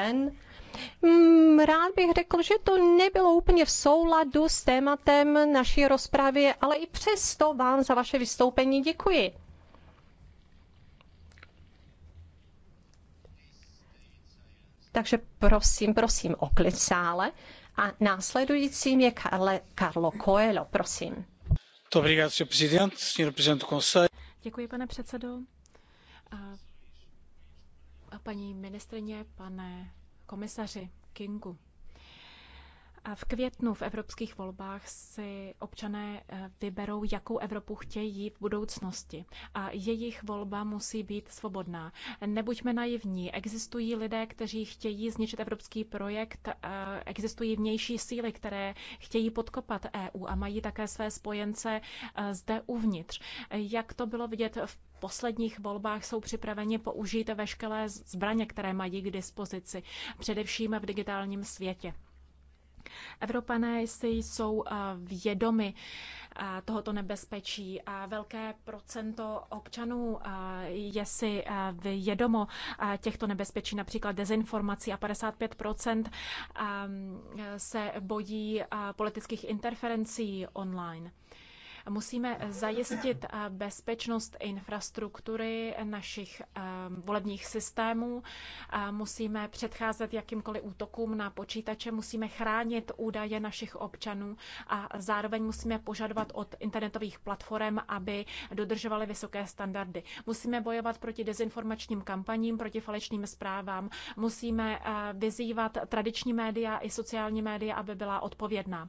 ven. Mm, rád bych řekl, že to nebylo úplně v souladu s tématem naší rozpravy, ale i přesto vám za vaše vystoupení děkuji. Takže prosím, prosím o klid sále. A následujícím je Carle, Carlo Coelho, prosím. Děkuji, pane předsedo paní ministrině, pane komisaři Kingu. V květnu v evropských volbách si občané eh, vyberou, jakou Evropu chtějí v budoucnosti. A jejich volba musí být svobodná. Nebuďme naivní. Existují lidé, kteří chtějí zničit evropský projekt, existují vnější síly, které chtějí podkopat EU a mají také své spojence eh, zde uvnitř. Jak to bylo vidět v posledních volbách jsou připraveni použít veškeré zbraně, které mají k dispozici, především v digitálním světě. Evropané si jsou eh, vědomi eh, tohoto nebezpečí a velké procento občanů eh, je si vědomo těchto nebezpečí, například dezinformací a 55 se bojí politických interferencí online. Musíme eh, zajistit eh, bezpečnost infrastruktury našich eh, volebních systémů, musíme předcházet jakýmkoliv útokům na počítače, musíme chránit údaje našich občanů a zároveň musíme požadovat od internetových platform, aby dodržovaly vysoké standardy. Musíme bojovat proti dezinformačním kampaním, proti falešným zprávám, musíme vyzývat tradiční média i sociální média, aby byla odpovědná.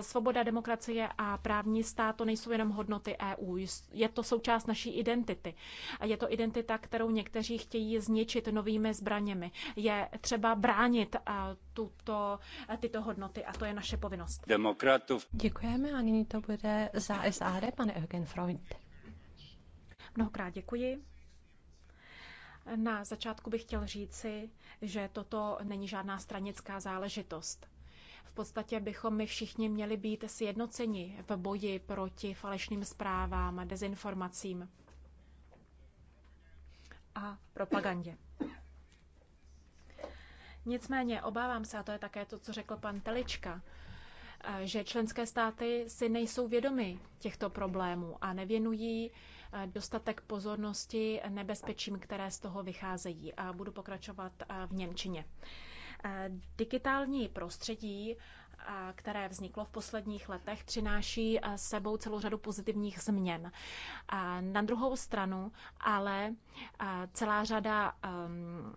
Svoboda, demokracie a právní stát to nejsou nejsou jenom hodnoty EU, je to součást naší identity. Je to identita, kterou někteří chtějí zničit novými zbraněmi. Je třeba bránit eh, tuto, eh, tyto hodnoty a to je naše povinnost. Demokratů. Děkujeme a nyní to bude za SAD, pane Eugen Freund. Mnohokrát děkuji. Na začátku bych chtěl říci, že toto není žádná stranická záležitost. V podstatě bychom my všichni měli být sjednoceni v boji proti falešným zprávám a dezinformacím a propagandě. Nicméně obávám se, a to je také to, co řekl pan Telička, že členské státy si nejsou vědomy těchto problémů a nevěnují eh, dostatek pozornosti nebezpečím, které z toho vycházejí. A budu pokračovat eh, v Němčině. Eh, digitální prostředí eh, které vzniklo v posledních letech, přináší eh, sebou celou řadu pozitivních změn. Na druhou stranu ale celá řada ehm,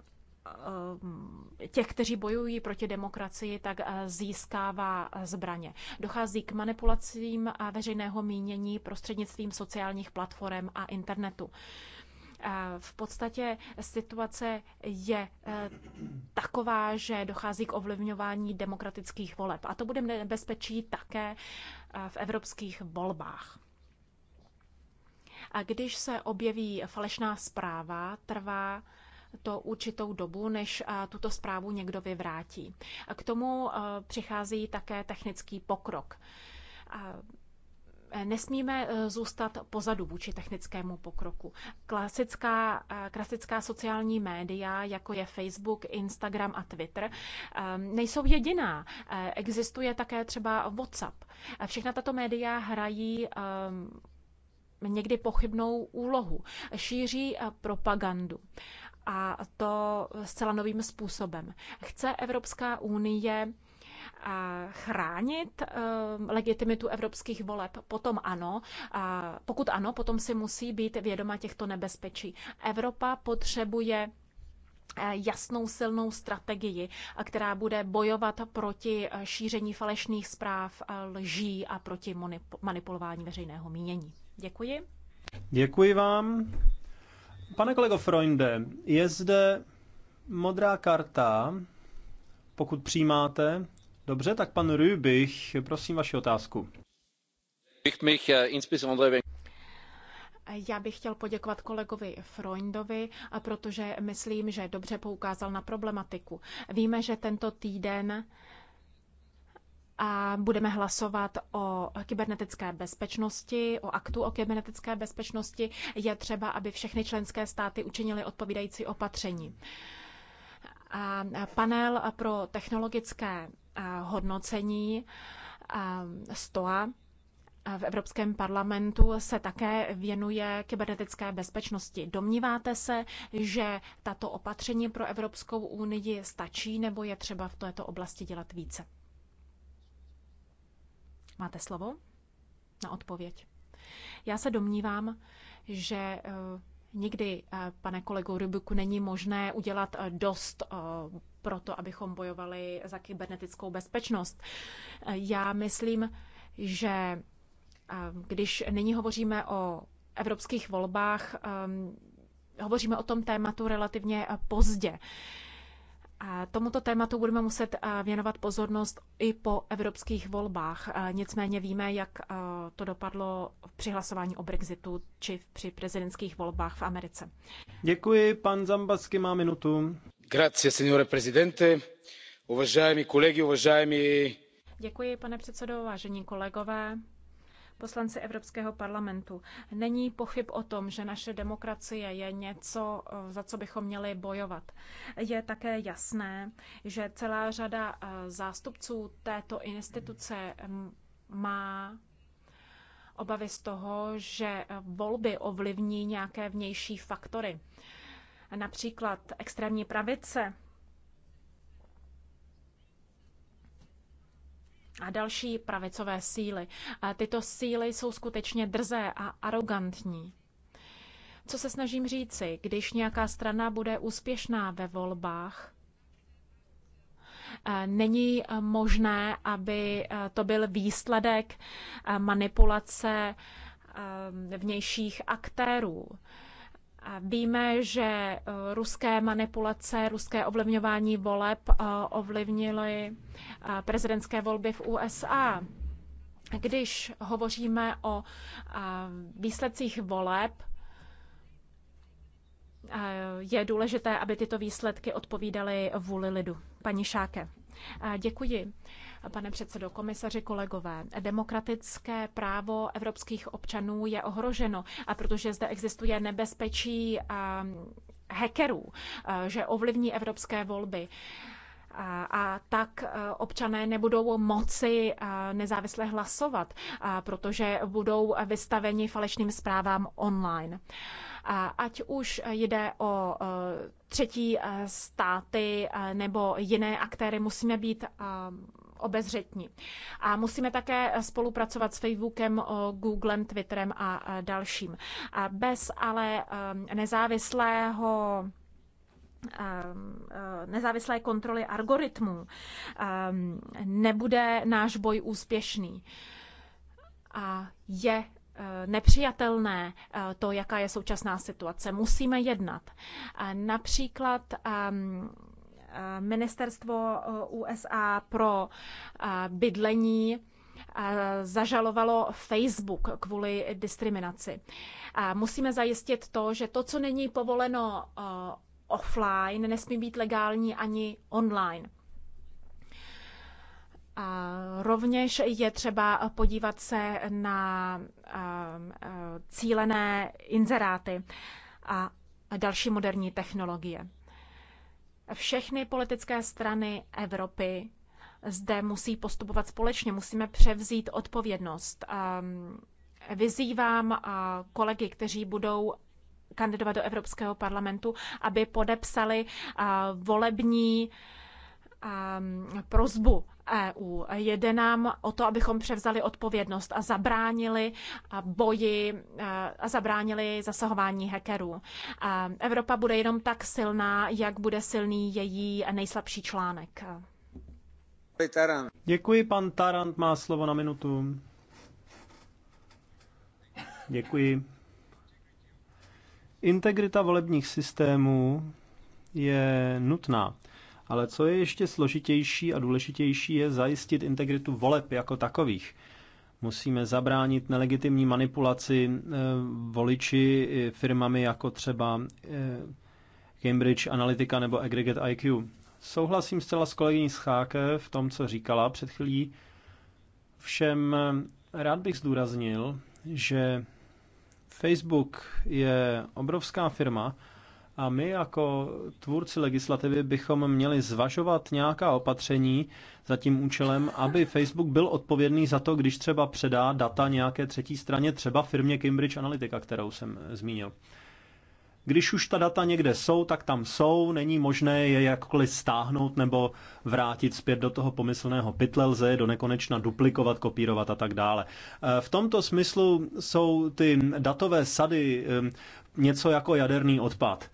ehm, těch, kteří bojují proti demokracii, tak získává zbraně. Dochází k manipulacím veřejného mínění prostřednictvím sociálních platform a internetu. V podstatě situace je eh, taková, že dochází k ovlivňování demokratických voleb. A to bude nebezpečí také eh, v evropských volbách. A když se objeví falešná zpráva, trvá to určitou dobu, než eh, tuto zprávu někdo vyvrátí. K tomu přichází také technický pokrok Nesmíme eh, zůstat pozadu vůči technickému pokroku. Klasická, eh, klasická sociální média, jako je Facebook, Instagram a Twitter, eh, nejsou jediná. Existuje také třeba WhatsApp. Všechna tato média hrají někdy pochybnou úlohu. Šíří propagandu a to zcela novým způsobem. Chce Evropská unie chránit eh, legitimitu evropských voleb? Potom ano. Pokud ano, potom si musí být vědoma těchto nebezpečí. Evropa potřebuje eh, jasnou silnou strategii, eh, která bude bojovat proti šíření falešných zpráv, lží a proti manipulování veřejného mínění. Děkuji. Děkuji vám. Pane kolego Freunde, je zde modrá karta, pokud přijímáte, Dobře, tak pan Rübich, prosím vaši otázku. Eh, Já bych chtěl poděkovat kolegovi Freundovi, protože myslím, že dobře poukázal na problematiku. Víme, že tento týden a budeme hlasovat o kybernetické bezpečnosti, o aktu o kybernetické bezpečnosti. Je třeba, aby všechny členské státy učinily odpovídající opatření. A panel pro technologické hodnocení STOA v Evropském parlamentu se také věnuje kybernetické bezpečnosti. Domníváte se, že tato opatření pro Evropskou unii stačí nebo je třeba v této oblasti dělat více? Máte slovo na odpověď. Já se domnívám, že eh, nikdy, eh, pane kolego Rybiku, není možné udělat eh, dost proto, abychom bojovali za kybernetickou bezpečnost. Já myslím, že eh, když nyní hovoříme o evropských volbách, ehm, hovoříme o tom tématu relativně eh, pozdě. A tomuto tématu budeme muset eh, věnovat pozornost i po evropských volbách. Nicméně víme, jak to dopadlo při hlasování o Brexitu či při prezidentských volbách v Americe. Děkuji, pan Zambasky má minutu pane předsedající Děkuji, pane kolegové, poslanci Evropského parlamentu. Není pochyb o tom, že naše demokracie je něco, za co bychom měli bojovat. Je také jasné, že celá řada eh, zástupců této instituce mm, má obavy z toho, že eh, volby ovlivní nějaké vnější faktory například extrémní pravice a další pravicové síly. Tyto síly jsou skutečně drzé a arrogantní. Co se snažím říci, když nějaká strana bude úspěšná ve volbách, eh, není eh, možné, aby eh, to byl výsledek manipulace vnějších aktérů. Víme, že eh, ruské manipulace, ruské ovlivňování voleb eh, ovlivnily eh, prezidentské volby v USA. Když hovoříme o výsledcích voleb, je důležité, aby tyto výsledky odpovídaly vůli lidu. Paní Šáke, děkuji pane předsedo, komisaři, kolegové. Demokratické právo evropských občanů je ohroženo, a protože zde existuje nebezpečí ehm, hackerů, eh, že ovlivní evropské volby. A, a tak eh, občané nebudou moci eh, nezávisle hlasovat, protože budou vystaveni falešným zprávám online. A ať už jde o třetí státy nebo jiné aktéry, musíme být ehm, obezřetní. A musíme také spolupracovat s Facebookem, Googlem, Twitterem a dalším. A bez ale nezávislého e, nezávislé kontroly algoritmů nebude náš boj úspěšný. A je e, nepřijatelné e, to, jaká je současná situace. Musíme jednat. Například ministerstvo eh, USA pro eh, bydlení eh, zažalovalo Facebook kvůli diskriminaci. Musíme zajistit to, že to, co není povoleno offline, nesmí být legální ani online. A rovněž je třeba podívat se na cílené inzeráty a další moderní technologie. Všechny politické strany Evropy zde musí postupovat společně, musíme převzít odpovědnost. Ehm, vyzývám eh, kolegy, kteří budou kandidovat do Evropského parlamentu, aby podepsali eh, volební prozbu EU. Jede nám o to, abychom převzali odpovědnost a zabránili boji a zabránili zasahování hackerů. Evropa bude jenom tak silná, jak bude silný její nejslabší článek. Děkuji, pan Tarant má slovo na minutu. Děkuji. Integrita volebních systémů je nutná. Ale co je ještě složitější a důležitější, je zajistit integritu voleb jako takových. Musíme zabránit nelegitimní manipulaci eh, voliči firmami jako třeba eh, Cambridge Analytica nebo Aggregate IQ. Souhlasím zcela s kolegyní Scháke v tom, co říkala před chvílí. Všem eh, rád bych zdůraznil, že Facebook je obrovská firma, a my jako tvůrci legislativy bychom měli zvažovat nějaká opatření za tím účelem, aby Facebook byl odpovědný za to, když třeba předá data nějaké třetí straně, třeba firmě Cambridge Analytica, kterou jsem zmínil. Když už ta data někde jsou, tak tam jsou, není možné je jakkoliv stáhnout nebo vrátit zpět do toho pomyslného pytle, lze je do nekonečna duplikovat, kopírovat a tak dále. Eh, v tomto smyslu jsou ty datové sady eh, něco jako jaderný odpad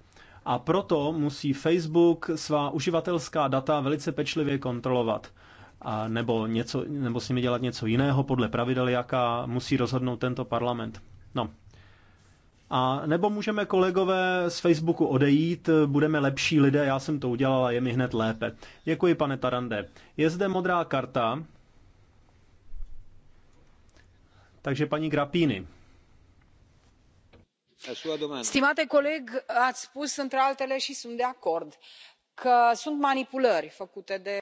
a proto musí Facebook svá uživatelská data velice pečlivě kontrolovat. A nebo, něco, nebo s nimi dělat něco jiného podle pravidel, jaká musí rozhodnout tento parlament. No. A nebo můžeme kolegové z Facebooku odejít, budeme lepší lidé, já jsem to udělal a je mi hned lépe. Děkuji, pane Tarande. Je zde modrá karta, takže paní Grapíny stimate coleg ați spus printre altele și sunt de acord că sunt manipulări făcute de.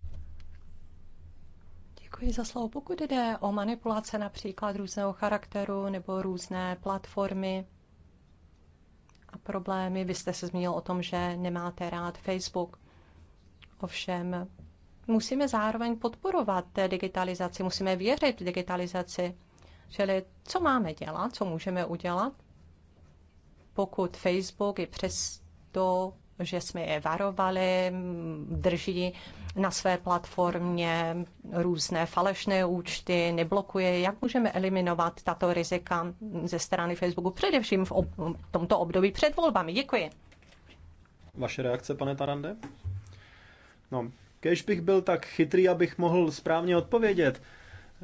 Děkuji za slovo. Pokud jde o manipulace například různého charakteru nebo různé platformy a problémy, vy jste se zmínil o tom, že nemáte rád Facebook. Ovšem, musíme zároveň podporovat té digitalizaci, musíme věřit v digitalizaci. Čili co máme dělat, co můžeme udělat, pokud Facebook i přes to, že jsme je varovali, drží na své platformě různé falešné účty, neblokuje. Jak můžeme eliminovat tato rizika ze strany Facebooku, především v, ob- v tomto období před volbami? Děkuji. Vaše reakce, pane Tarande? No, kež bych byl tak chytrý, abych mohl správně odpovědět.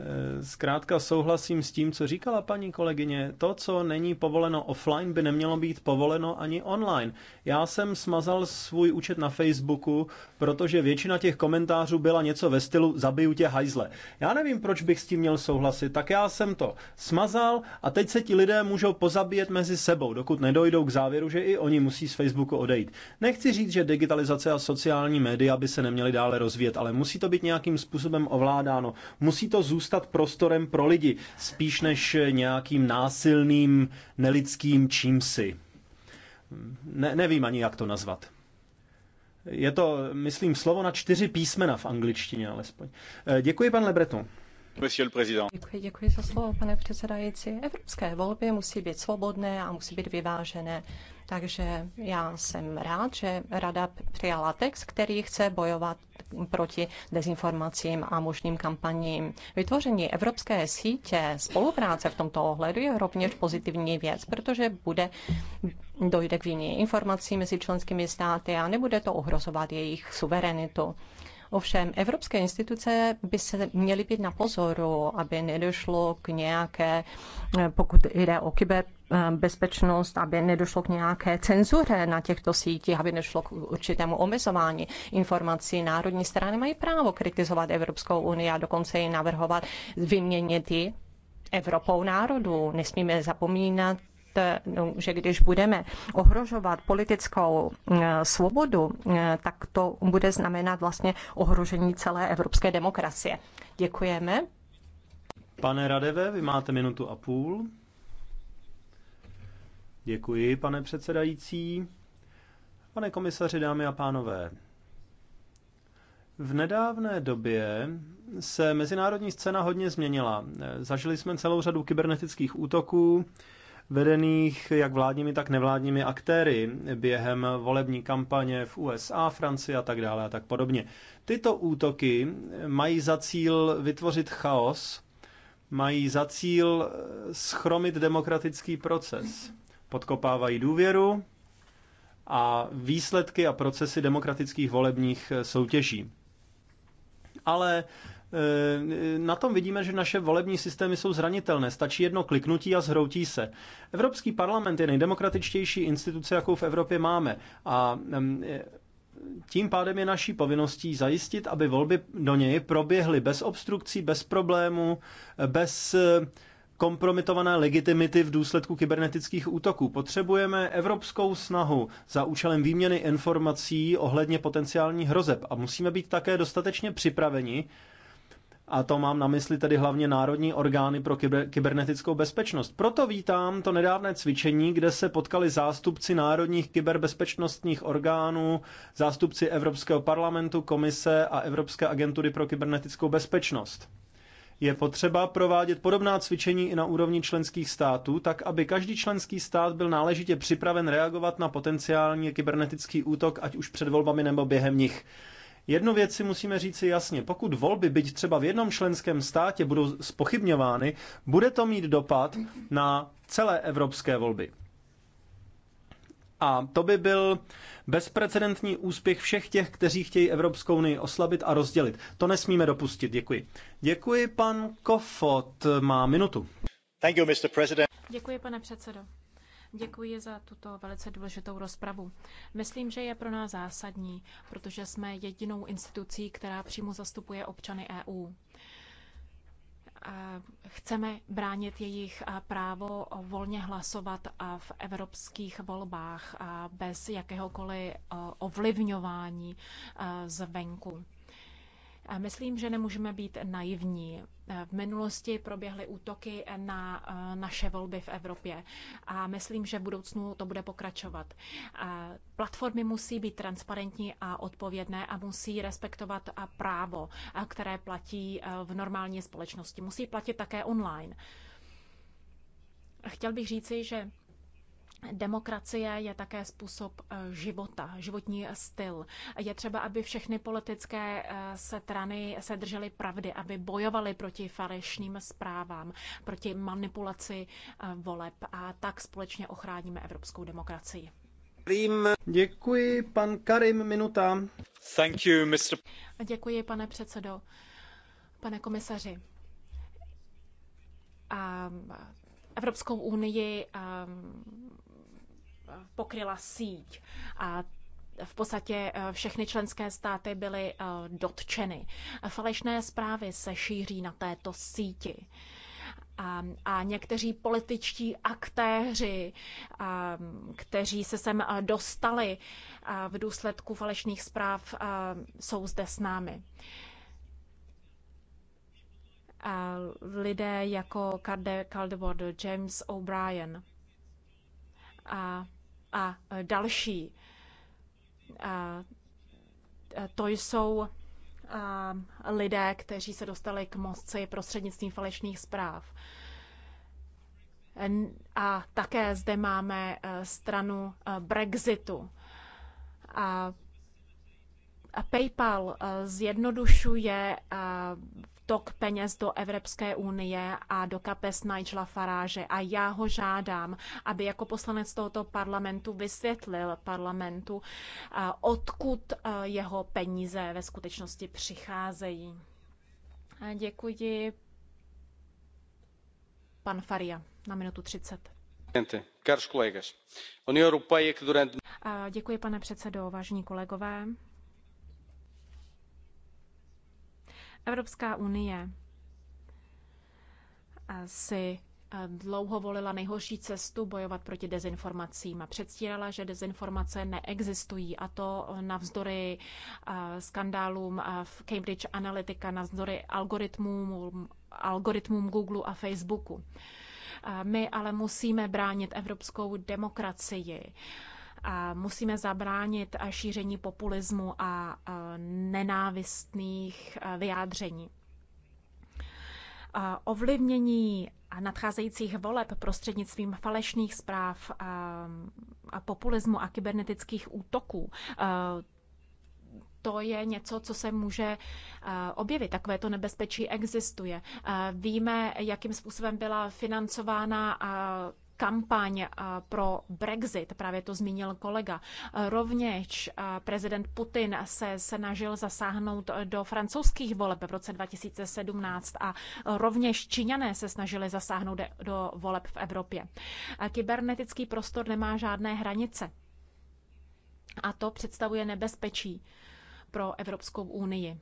Eh, zkrátka souhlasím s tím, co říkala paní kolegyně. To, co není povoleno offline, by nemělo být povoleno ani online. Já jsem smazal svůj účet na Facebooku, protože většina těch komentářů byla něco ve stylu zabiju tě hajzle. Já nevím, proč bych s tím měl souhlasit, tak já jsem to smazal a teď se ti lidé můžou pozabíjet mezi sebou, dokud nedojdou k závěru, že i oni musí z Facebooku odejít. Nechci říct, že digitalizace a sociální média by se neměly dále rozvíjet, ale musí to být nějakým způsobem ovládáno. Musí to zůstat zůstat prostorem pro lidi, spíš než nějakým násilným, nelidským čímsi. Ne, nevím ani, jak to nazvat. Je to, myslím, slovo na čtyři písmena v angličtině alespoň. Eh, děkuji, pan Lebreton. Děkuji, děkuji za slovo, pane předsedající. Evropské volby musí být svobodné a musí být vyvážené. Takže já jsem rád, že Rada přijala text, který chce bojovat proti dezinformacím a možným kampaním. Vytvoření evropské sítě spolupráce v tomto ohledu je rovněž pozitivní věc, protože bude dojde k výměně informací mezi členskými státy a nebude to ohrozovat jejich suverenitu. Ovšem, evropské instituce by se měly být na pozoru, aby nedošlo k nějaké, pokud jde o kyber bezpečnost, aby nedošlo k nějaké cenzuře na těchto sítích, aby nedošlo k určitému omezování informací. Národní strany mají právo kritizovat Evropskou unii a dokonce ji navrhovat vyměnit ji Evropou národů. Nesmíme zapomínat No, že když budeme ohrožovat politickou eh, svobodu, eh, tak to bude znamenat vlastně ohrožení celé evropské demokracie. Děkujeme. Pane Radeve, vy máte minutu a půl. Děkuji, pane předsedající. Pane komisaři, dámy a pánové, v nedávné době se mezinárodní scéna hodně změnila. Zažili jsme celou řadu kybernetických útoků, vedených jak vládními, tak nevládními aktéry během volební kampaně v USA, Francii a tak dále a tak podobně. Tyto útoky mají za cíl vytvořit chaos, mají za cíl schromit demokratický proces. Podkopávají důvěru a výsledky a procesy demokratických volebních soutěží. Ale Eh, na tom vidíme, že naše volební systémy jsou zranitelné. Stačí jedno kliknutí a zhroutí se. Evropský parlament je nejdemokratičtější instituce, jakou v Evropě máme. A eh, tím pádem je naší povinností zajistit, aby volby do něj proběhly bez obstrukcí, bez problémů, bez eh, kompromitované legitimity v důsledku kybernetických útoků. Potřebujeme evropskou snahu za účelem výměny informací ohledně potenciálních hrozeb a musíme být také dostatečně připraveni a to mám na mysli tedy hlavně národní orgány pro kyber, kybernetickou bezpečnost. Proto vítám to nedávné cvičení, kde se potkali zástupci národních kyberbezpečnostních orgánů, zástupci Evropského parlamentu, komise a Evropské agentury pro kybernetickou bezpečnost. Je potřeba provádět podobná cvičení i na úrovni členských států, tak aby každý členský stát byl náležitě připraven reagovat na potenciální kybernetický útok, ať už před volbami nebo během nich. Jednu věc si musíme říci jasně. Pokud volby, byť třeba v jednom členském státě, budou spochybňovány, bude to mít dopad na celé evropské volby. A to by byl bezprecedentní úspěch všech těch, kteří chtějí Evropskou unii oslabit a rozdělit. To nesmíme dopustit. Děkuji. Děkuji, pan Kofot. Má minutu. Thank you, Mr. President. Děkuji, pane předsedo. Děkuji za tuto velice důležitou rozpravu. Myslím, že je pro nás zásadní, protože jsme jedinou institucí, která přímo zastupuje občany EU. Chceme bránit jejich právo volně hlasovat v evropských volbách bez jakéhokoliv eh, ovlivňování eh, zvenku. Myslím, že nemůžeme být naivní. Eh, v minulosti proběhly útoky na eh, naše volby v Evropě a myslím, že v budoucnu to bude pokračovat. Eh, platformy musí být transparentní a odpovědné a musí respektovat právo, které platí v normální společnosti. Musí platit také online. Chtěl bych říci, že Demokracie je také způsob eh, života, životní styl. Je třeba, aby všechny politické eh, strany se držely pravdy, aby bojovaly proti falešným zprávám, proti manipulaci eh, voleb a tak společně ochráníme evropskou demokracii. Děkuji, pan Karim, minuta. Thank you, Mr. Děkuji, pane předsedo, pane komisaři. A Evropskou unii pokryla síť a v podstatě eh, všechny členské státy byly eh, dotčeny. Falešné zprávy se šíří na této síti. A, a někteří političtí aktéři, a, kteří se sem eh, dostali a v důsledku falešných zpráv, a, jsou zde s námi. A lidé jako Cardeward, James O'Brien. A a e, další. A e, to jsou e, lidé, kteří se dostali k moci prostřednictvím falešných zpráv. A také zde máme stranu Brexitu. A PayPal zjednodušuje tok peněz do Evropské unie a do kapes Nigela Faráže a já ho žádám, aby jako poslanec tohoto parlamentu vysvětlil parlamentu, odkud jeho peníze ve skutečnosti přicházejí. A děkuji. Pan Faria na minutu 30. Děkuji, pane předsedo, vážení kolegové. Evropská unie si eh, dlouho volila nejhorší cestu bojovat proti dezinformacím a předstírala, že dezinformace neexistují a to navzdory eh, skandálům eh, v Cambridge Analytica, navzdory algoritmům, algoritmům Google a Facebooku. My ale musíme bránit evropskou demokracii. Musíme zabránit eh, šíření populismu a eh, nenávistných eh, vyjádření. Ovlivnění nadcházejících voleb prostřednictvím falešných zpráv a populismu a kybernetických útoků, to je něco, co se může objevit. Takové to nebezpečí existuje. Víme, jakým způsobem byla financována kampaň eh, pro Brexit, právě to zmínil kolega. Eh, rovněž eh, prezident Putin se snažil zasáhnout do francouzských voleb v roce 2017 a rovněž Číňané se snažili zasáhnout do voleb v Evropě. Kybernetický prostor nemá žádné hranice. A to představuje nebezpečí pro Evropskou unii.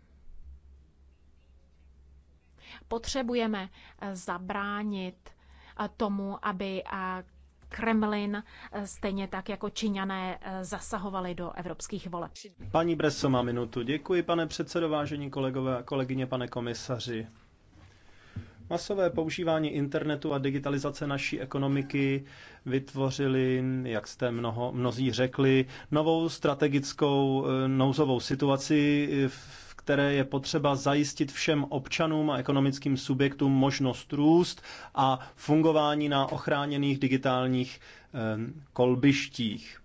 Potřebujeme zabránit tomu, aby Kremlin, e, stejně tak jako Číňané, e, zasahovali do evropských voleb. Paní Breso má minutu. Děkuji, pane předsedo, vážení kolegové a kolegyně, pane komisaři. Masové používání internetu a digitalizace naší ekonomiky vytvořili, jak jste mnoho, mnozí řekli, novou strategickou e, nouzovou situaci v které je potřeba zajistit všem občanům a ekonomickým subjektům možnost růst a fungování na ochráněných digitálních eh, kolbištích.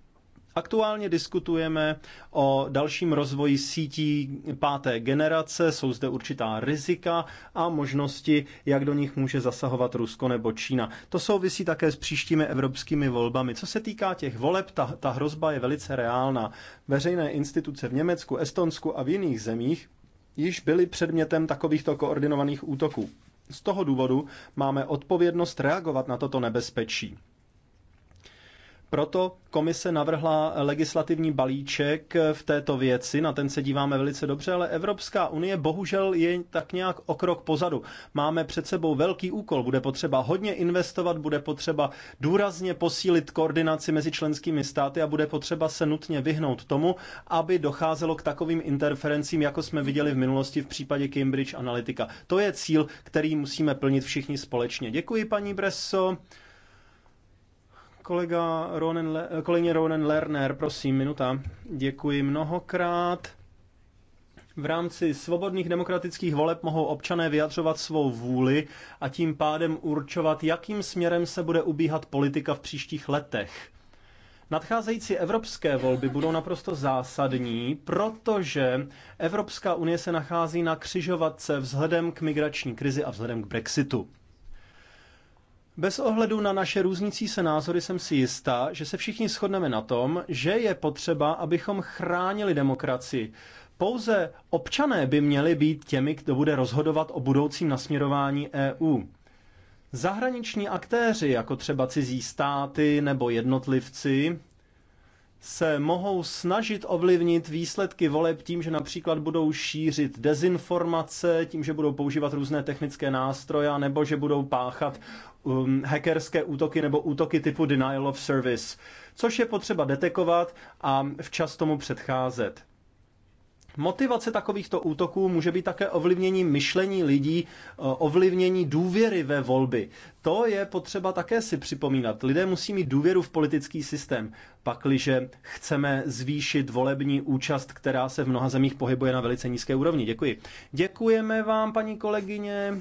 Aktuálně diskutujeme o dalším rozvoji sítí páté generace, jsou zde určitá rizika a možnosti, jak do nich může zasahovat Rusko nebo Čína. To souvisí také s příštími evropskými volbami. Co se týká těch voleb, ta, ta hrozba je velice reálná. Veřejné instituce v Německu, Estonsku a v jiných zemích již byly předmětem takovýchto koordinovaných útoků. Z toho důvodu máme odpovědnost reagovat na toto nebezpečí. Proto komise navrhla legislativní balíček v této věci, na ten se díváme velice dobře, ale Evropská unie bohužel je tak nějak o krok pozadu. Máme před sebou velký úkol, bude potřeba hodně investovat, bude potřeba důrazně posílit koordinaci mezi členskými státy a bude potřeba se nutně vyhnout tomu, aby docházelo k takovým interferencím, jako jsme viděli v minulosti v případě Cambridge Analytica. To je cíl, který musíme plnit všichni společně. Děkuji, paní Bresso. Kolega Ronen, kolegyně Ronen Lerner, prosím, minuta. Děkuji mnohokrát. V rámci svobodných demokratických voleb mohou občané vyjadřovat svou vůli a tím pádem určovat, jakým směrem se bude ubíhat politika v příštích letech. Nadcházející evropské volby budou naprosto zásadní, protože Evropská unie se nachází na křižovatce vzhledem k migrační krizi a vzhledem k Brexitu. Bez ohledu na naše různící se názory jsem si jistá, že se všichni shodneme na tom, že je potřeba, abychom chránili demokracii. Pouze občané by měli být těmi, kdo bude rozhodovat o budoucím nasměrování EU. Zahraniční aktéři, jako třeba cizí státy nebo jednotlivci, se mohou snažit ovlivnit výsledky voleb tím, že například budou šířit dezinformace, tím, že budou používat různé technické nástroje, nebo že budou páchat um, hackerské útoky nebo útoky typu denial of service, což je potřeba detekovat a včas tomu předcházet. Motivace takovýchto útoků může být také ovlivnění myšlení lidí, eh, ovlivnění důvěry ve volby. To je potřeba také si připomínat. Lidé musí mít důvěru v politický systém, pakliže chceme zvýšit volební účast, která se v mnoha zemích pohybuje na velice nízké úrovni. Děkuji. Děkujeme vám, paní kolegyně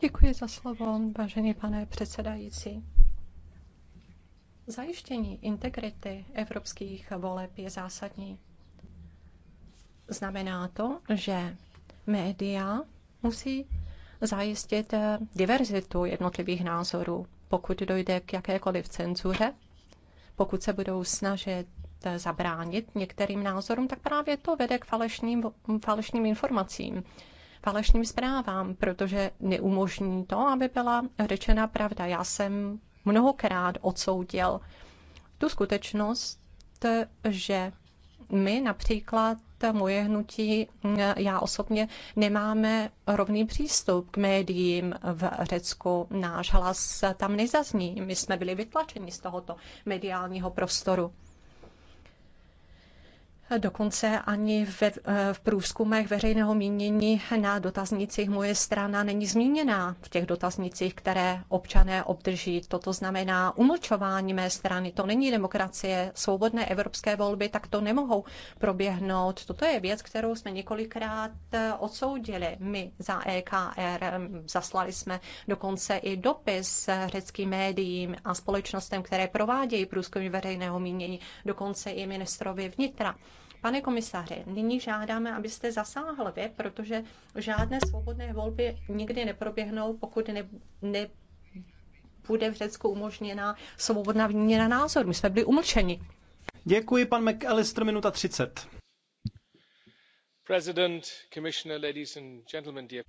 Děkuji za slovo, vážený pane předsedající. Zajištění integrity evropských voleb je zásadní. Znamená to, že média musí zajistit diverzitu jednotlivých názorů. Pokud dojde k jakékoliv cenzuře, pokud se budou snažit zabránit některým názorům, tak právě to vede k falešným, falešným informacím falešným zprávám, protože neumožní to, aby byla řečena pravda. Já jsem mnohokrát odsoudil tu skutečnost, že my například moje hnutí, já osobně nemáme rovný přístup k médiím v Řecku. Náš hlas tam nezazní. My jsme byli vytlačeni z tohoto mediálního prostoru. Dokonce ani ve, eh, v průzkumech veřejného mínění na dotaznicích moje strana není zmíněná v těch dotaznicích, které občané obdrží. Toto znamená umlčování mé strany. To není demokracie. Svobodné evropské volby tak to nemohou proběhnout. Toto je věc, kterou jsme několikrát eh, odsoudili. My za EKR zaslali jsme dokonce i dopis řeckým médiím a společnostem, které provádějí průzkumy veřejného mínění, dokonce i ministrovi vnitra. Pane komisaři, nyní žádáme, abyste zasáhl vy, protože žádné svobodné volby nikdy neproběhnou, pokud ne, ne bude v Řecku umožněna svobodná výměna názorů. My jsme byli umlčeni. Děkuji, pan McAllister, minuta 30. President, commissioner, ladies and gentlemen, dear...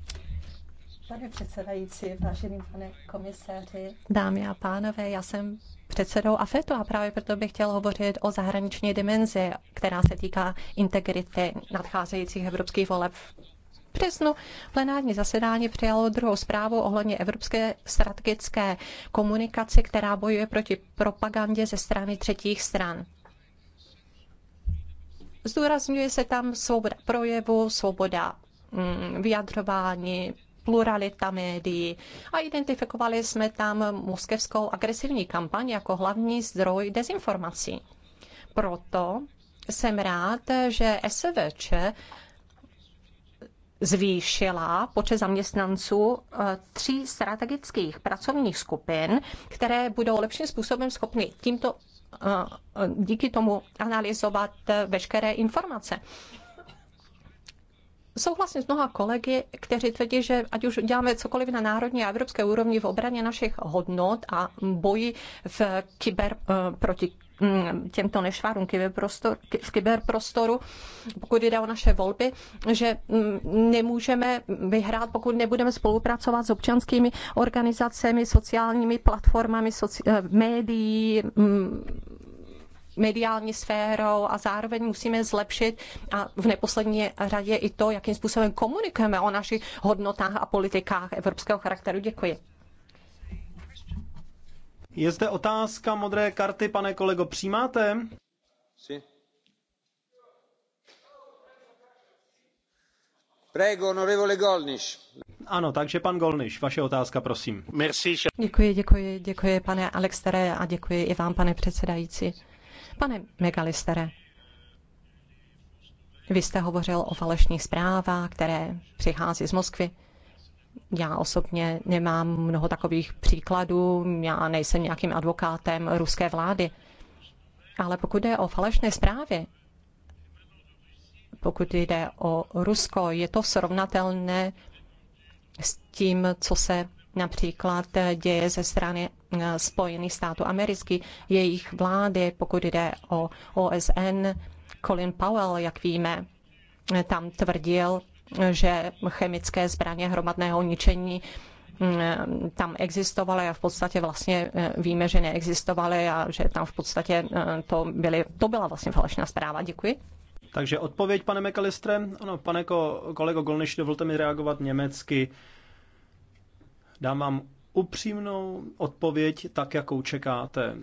Pane předsedající, vážený pane komisáři, dámy a pánové, já jsem předsedou AFETu a právě proto bych chtěl hovořit o zahraniční dimenzi, která se týká integrity nadcházejících evropských voleb březnu plenární zasedání přijalo druhou zprávu ohledně evropské strategické komunikace, která bojuje proti propagandě ze strany třetích stran. Zdůrazňuje se tam svoboda projevu, svoboda mm, vyjadřování, pluralita médií a identifikovali jsme tam moskevskou agresivní kampaň jako hlavní zdroj dezinformací. Proto jsem rád, že SVČ zvýšila počet zaměstnanců eh, tří strategických pracovních skupin, které budou lepším způsobem schopny tímto eh, díky tomu analyzovat veškeré informace souhlasím s mnoha kolegy, kteří tvrdí, že ať už děláme cokoliv na národní a evropské úrovni v obraně našich hodnot a boji v kyber eh, proti hm, těmto nešvárům kyberprostor, v kyberprostoru, pokud jde o naše volby, že hm, nemůžeme vyhrát, pokud nebudeme spolupracovat s občanskými organizacemi, sociálními platformami, soci, eh, médií, hm, mediální sférou a zároveň musíme zlepšit a v neposlední řadě i to, jakým způsobem komunikujeme o našich hodnotách a politikách evropského charakteru. Děkuji. Je zde otázka modré karty, pane kolego, přijímáte? Sí. Prego, onorevole Golniš. Ano, takže pan Golniš, vaše otázka, prosím. Merci. Děkuji, děkuji, děkuji, pane Alexere a děkuji i vám, pane předsedající. Pane Megalistere, vy jste hovořil o falešných zprávách, které přichází z Moskvy. Já osobně nemám mnoho takových příkladů, já nejsem nějakým advokátem ruské vlády. Ale pokud jde o falešné zprávy, pokud jde o Rusko, je to srovnatelné s tím, co se například eh, děje ze strany eh, Spojených států amerických, jejich vlády, pokud jde o OSN. Colin Powell, jak víme, tam tvrdil, že chemické zbraně hromadného ničení mm, tam existovaly a v podstatě vlastně eh, víme, že neexistovaly a že tam v podstatě to, byly, to byla vlastně falešná zpráva. Děkuji. Takže odpověď, pane Mekalistre. Ano, pane kolego Golniš, dovolte mi reagovat německy. Dám vám upřímnou odpověď, tak jakou čekáte.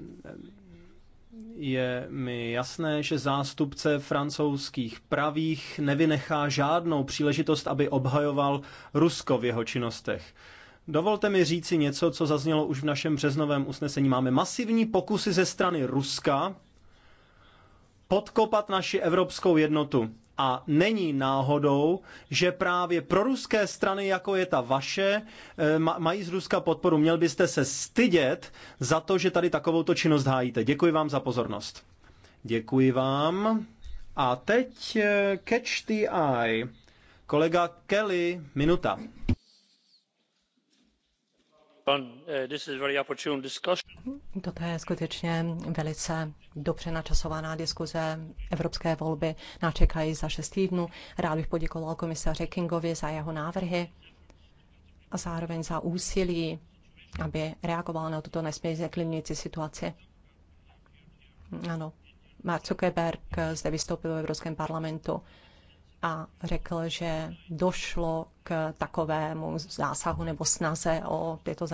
Je mi jasné, že zástupce francouzských pravých nevynechá žádnou příležitost, aby obhajoval Rusko v jeho činnostech. Dovolte mi říci něco, co zaznělo už v našem březnovém usnesení. Máme masivní pokusy ze strany Ruska podkopat naši evropskou jednotu. A není náhodou, že právě pro ruské strany, jako je ta vaše, eh, mají z Ruska podporu. Měl byste se stydět za to, že tady takovouto činnost hájíte. Děkuji vám za pozornost. Děkuji vám. A teď eh, catch the eye. Kolega Kelly, minuta. Eh, Toto je skutečně velice dobře načasovaná diskuze. Evropské volby nás čekají za šest týdnů. Rád bych poděkoval komisaři Kingovi za jeho návrhy a zároveň za úsilí, aby reagoval na tuto nesmírně zaklidňující situaci. Ano, Mark Zuckerberg zde vystoupil v Evropském parlamentu a řekl, že došlo k takovému zásahu nebo snaze o tyto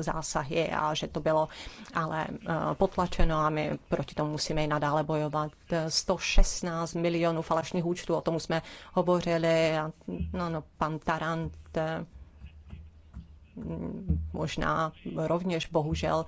zásahy a že to bylo ale eh, potlačeno a my proti tomu musíme i nadále bojovat. 116 milionů falešných účtů, o tom jsme hovořili. A, no, no, pan Tarant eh, možná rovněž bohužel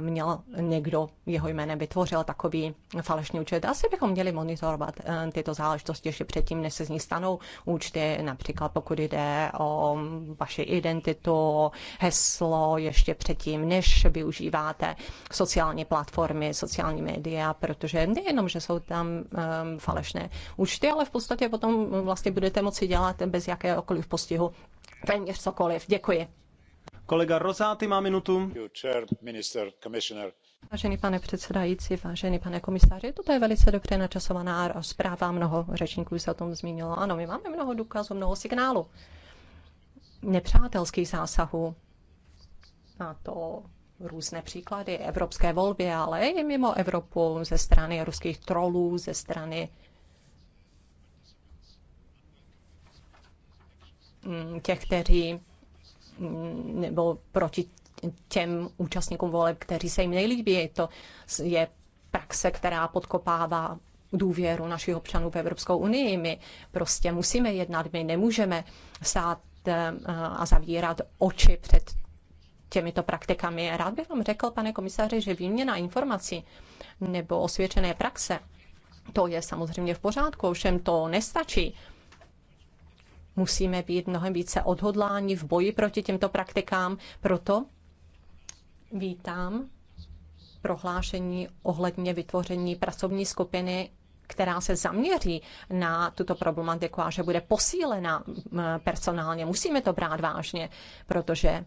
měl někdo jeho jménem vytvořil takový falešný účet. Asi bychom měli monitorovat eh, tyto záležitosti ještě předtím, než se z ní stanou účty, například pokud jde o vaši identitu, heslo ještě předtím, než využíváte sociální platformy, sociální média, protože nejenom, že jsou tam eh, falešné účty, ale v podstatě potom vlastně budete moci dělat bez jakéhokoliv postihu téměř cokoliv. Děkuji. Kolega Rozáty má minutu. Vážený pane předsedající, vážený pane komisaři toto je velice dobře načasovaná zpráva, mnoho řečníků se o tom zmínilo. Ano, my máme mnoho důkazů, mnoho signálů nepřátelských zásahů. A to různé příklady evropské volby, ale i mimo Evropu ze strany ruských trolů, ze strany mm, těch, kteří nebo proti těm účastníkům voleb, kteří se jim nejlíbí. Je to je praxe, která podkopává důvěru našich občanů v Evropskou unii. My prostě musíme jednat, my nemůžeme stát eh, a zavírat oči před těmito praktikami. Rád bych vám řekl, pane komisaři, že výměna informací nebo osvědčené praxe, to je samozřejmě v pořádku, ovšem to nestačí Musíme být mnohem více odhodláni v boji proti těmto praktikám. Proto vítám prohlášení ohledně vytvoření pracovní skupiny která se zaměří na tuto problematiku a že bude posílena personálně. Musíme to brát vážně, protože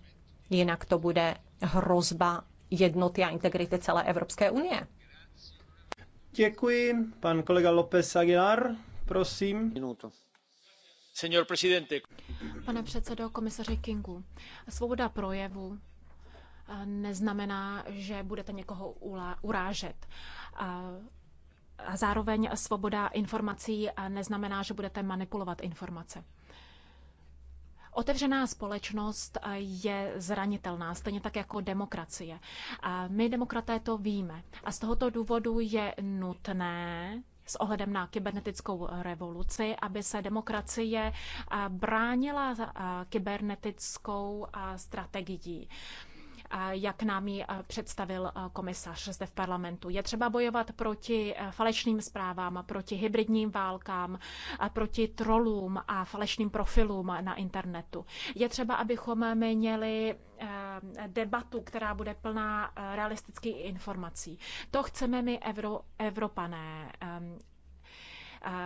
jinak to bude hrozba jednoty a integrity celé Evropské unie. Děkuji. Pan kolega López Aguilar, prosím. Minuto. Pane předsedající komisaři Kingu, svoboda projevu eh, neznamená, že budete někoho urážet. A zároveň svoboda informací eh, neznamená, že budete manipulovat informace. Otevřená společnost eh, je zranitelná, stejně tak jako demokracie. A my demokraté to víme. A z tohoto důvodu je nutné s ohledem na kybernetickou revoluci, aby se demokracie bránila kybernetickou strategií jak nám ji eh, představil eh, komisař zde v parlamentu. Je třeba bojovat proti eh, falešným zprávám, proti hybridním válkám, proti trolům a falešným profilům na internetu. Je třeba, abychom měli debatu, která bude plná realistických informací. To chceme my Evro, Evropané, ehm,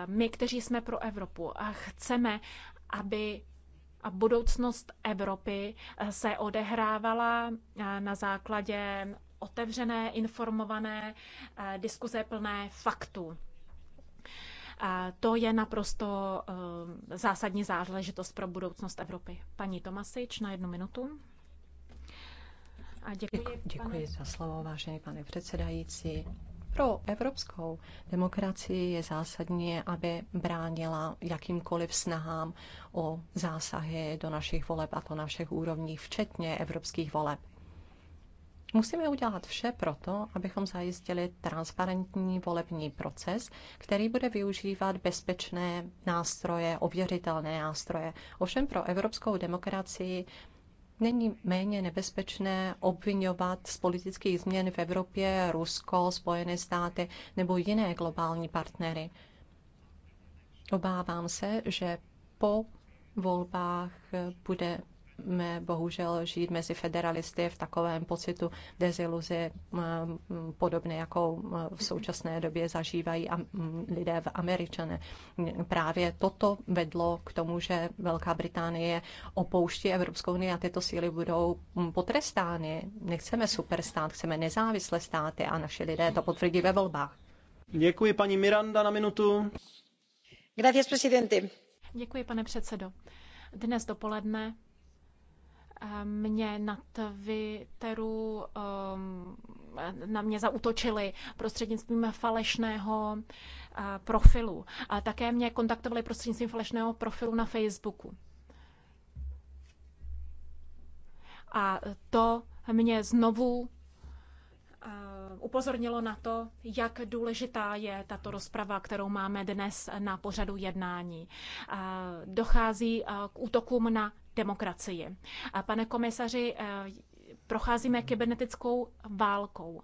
my, kteří jsme pro Evropu. Chceme, aby budoucnost Evropy eh, se odehrávala eh, na základě otevřené, informované eh, diskuze plné faktů. To je naprosto zásadní záležitost pro budoucnost Evropy. Paní Tomasič na jednu minutu. A děkuji, děkuji, pane... za slovo, vážený pane předsedající. Pro evropskou demokracii je zásadní, aby bránila jakýmkoliv snahám o zásahy do našich voleb, a to na všech úrovních, včetně evropských voleb. Musíme udělat vše proto, abychom zajistili transparentní volební proces, který bude využívat bezpečné nástroje, ověřitelné nástroje. Ovšem pro evropskou demokracii Není méně nebezpečné obvinovat z politických změn v Evropě Rusko, Spojené státy nebo jiné globální partnery. Obávám se, že po volbách bude můžeme bohužel žít mezi federalisty v takovém pocitu deziluze eh, podobné, jako eh, v současné době zažívají lidé v Američané. Právě toto vedlo k tomu, že Velká Británie opouští Evropskou unii a tyto síly budou hm, potrestány. Nechceme superstát, chceme nezávislé státy a naši lidé to potvrdí ve volbách. Děkuji paní Miranda na minutu. Gracias, presidente. Děkuji, pane předsedo. Dnes dopoledne mě na Twitteru um, na mě zautočili prostřednictvím falešného profilu. A také mě kontaktovali prostřednictvím falešného profilu na Facebooku. A to mě znovu upozornilo na to, jak důležitá je tato rozprava, kterou máme dnes na pořadu jednání. Dochází k útokům na demokracii. A pane komisaři, eh, procházíme kybernetickou válkou.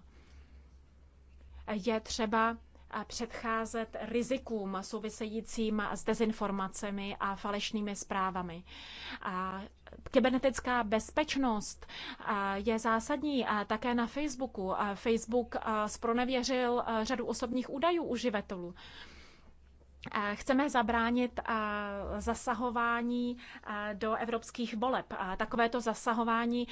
Je třeba eh, předcházet rizikům souvisejícím s dezinformacemi a falešnými zprávami. A kybernetická bezpečnost eh, je zásadní a také na Facebooku. Facebook spronevěřil řadu osobních údajů uživatelů. Eh, chceme zabránit eh, zasahování eh, do evropských voleb. Takovéto zasahování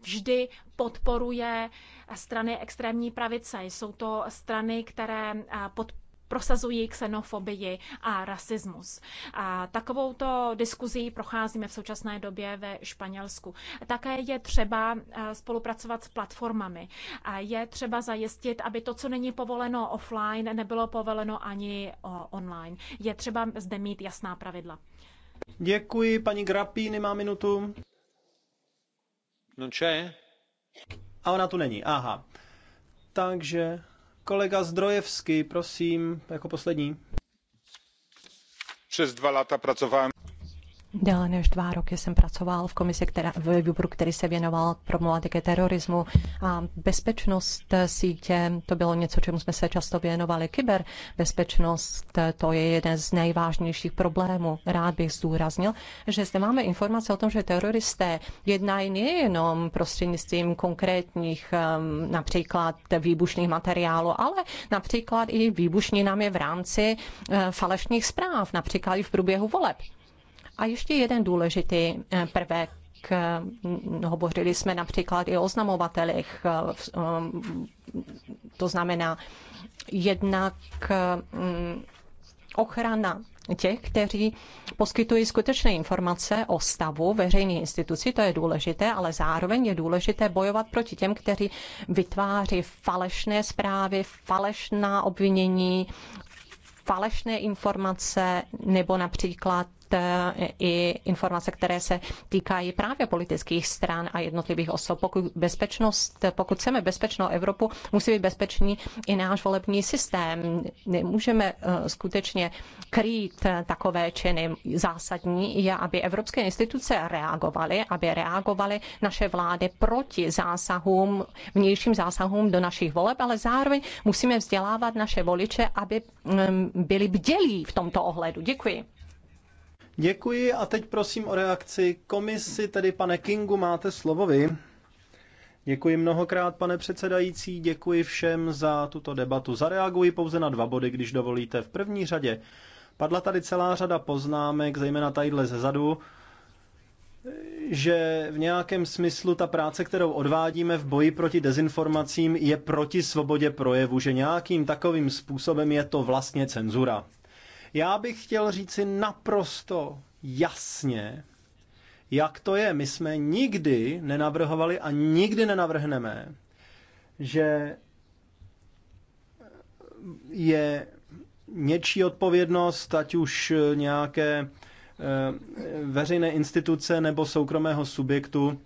vždy podporuje strany extrémní pravice. Jsou to strany, které podporují prosazují xenofobii a rasismus. A takovouto diskuzí procházíme v současné době ve Španělsku. Také je třeba eh, spolupracovat s platformami. A je třeba zajistit, aby to, co není povoleno offline, nebylo povoleno ani online. Je třeba zde mít jasná pravidla. Děkuji, paní Grapíny má minutu. No če? A ona tu není, aha. Takže Kolega zdrojewski prosím, jako poslední. Přes dva lata pracovałem. Déle než dva roky jsem pracoval v komisi, která, v výboru, který se věnoval problematiky terorismu a bezpečnost sítě, to bylo něco, čemu jsme se často věnovali. Kyberbezpečnost, to je jeden z nejvážnějších problémů. Rád bych zdůraznil, že zde máme informace o tom, že teroristé jednají nejenom prostřednictvím konkrétních um, například výbušných materiálů, ale například i výbušninami v rámci uh, falešných zpráv, například i v průběhu voleb. A ještě jeden důležitý eh, prvek eh, hovořili jsme například i o oznamovatelích, eh, to znamená jednak ochrana těch, kteří poskytují skutečné informace o stavu veřejných institucí, to je důležité, ale zároveň je důležité bojovat proti těm, kteří vytváří falešné zprávy, falešná obvinění, falešné informace nebo například i informace, které se týkají právě politických stran a jednotlivých osob. Pokud, bezpečnost, pokud chceme bezpečnou Evropu, musí být bezpečný i náš volební systém. Nemůžeme eh, skutečně krýt eh, takové činy. Zásadní je, aby evropské instituce reagovaly, aby reagovaly naše vlády proti zásahům, vnějším zásahům do našich voleb, ale zároveň musíme vzdělávat naše voliče, aby mm, byli bdělí v tomto ohledu. Děkuji. Děkuji a teď prosím o reakci komisi, tedy pane Kingu, máte slovo vy. Děkuji mnohokrát, pane předsedající, děkuji všem za tuto debatu. Zareaguji pouze na dva body, když dovolíte. V první řadě padla tady celá řada poznámek, zejména tadyhle zezadu, že v nějakém smyslu ta práce, kterou odvádíme v boji proti dezinformacím, je proti svobodě projevu, že nějakým takovým způsobem je to vlastně cenzura. Já bych chtěl říci naprosto jasně, jak to je. My jsme nikdy nenavrhovali a nikdy nenavrhneme, že je něčí odpovědnost, ať už nějaké eh, veřejné instituce nebo soukromého subjektu,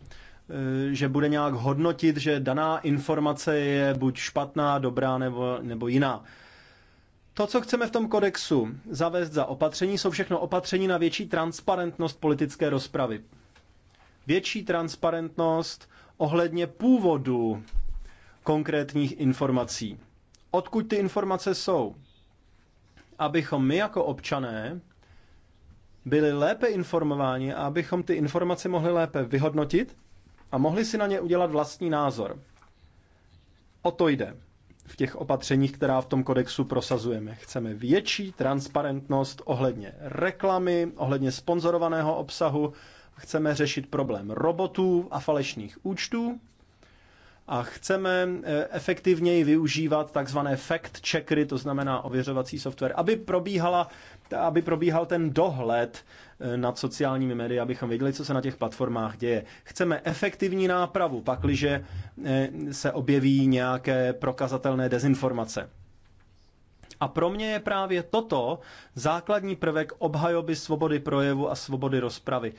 eh, že bude nějak hodnotit, že daná informace je buď špatná, dobrá nebo, nebo jiná. To, co chceme v tom kodexu zavést za opatření, jsou všechno opatření na větší transparentnost politické rozpravy. Větší transparentnost ohledně původu konkrétních informací. Odkud ty informace jsou? Abychom my jako občané byli lépe informováni a abychom ty informace mohli lépe vyhodnotit a mohli si na ně udělat vlastní názor. O to jde v těch opatřeních, která v tom kodexu prosazujeme. Chceme větší transparentnost ohledně reklamy, ohledně sponzorovaného obsahu, chceme řešit problém robotů a falešných účtů a chceme eh, efektivněji využívat takzvané fact checkery, to znamená ověřovací software, aby probíhala aby probíhal ten dohled eh, nad sociálními médii, abychom věděli, co se na těch platformách děje. Chceme efektivní nápravu, pakliže eh, se objeví nějaké prokazatelné dezinformace. A pro mě je právě toto základní prvek obhajoby svobody projevu a svobody rozpravy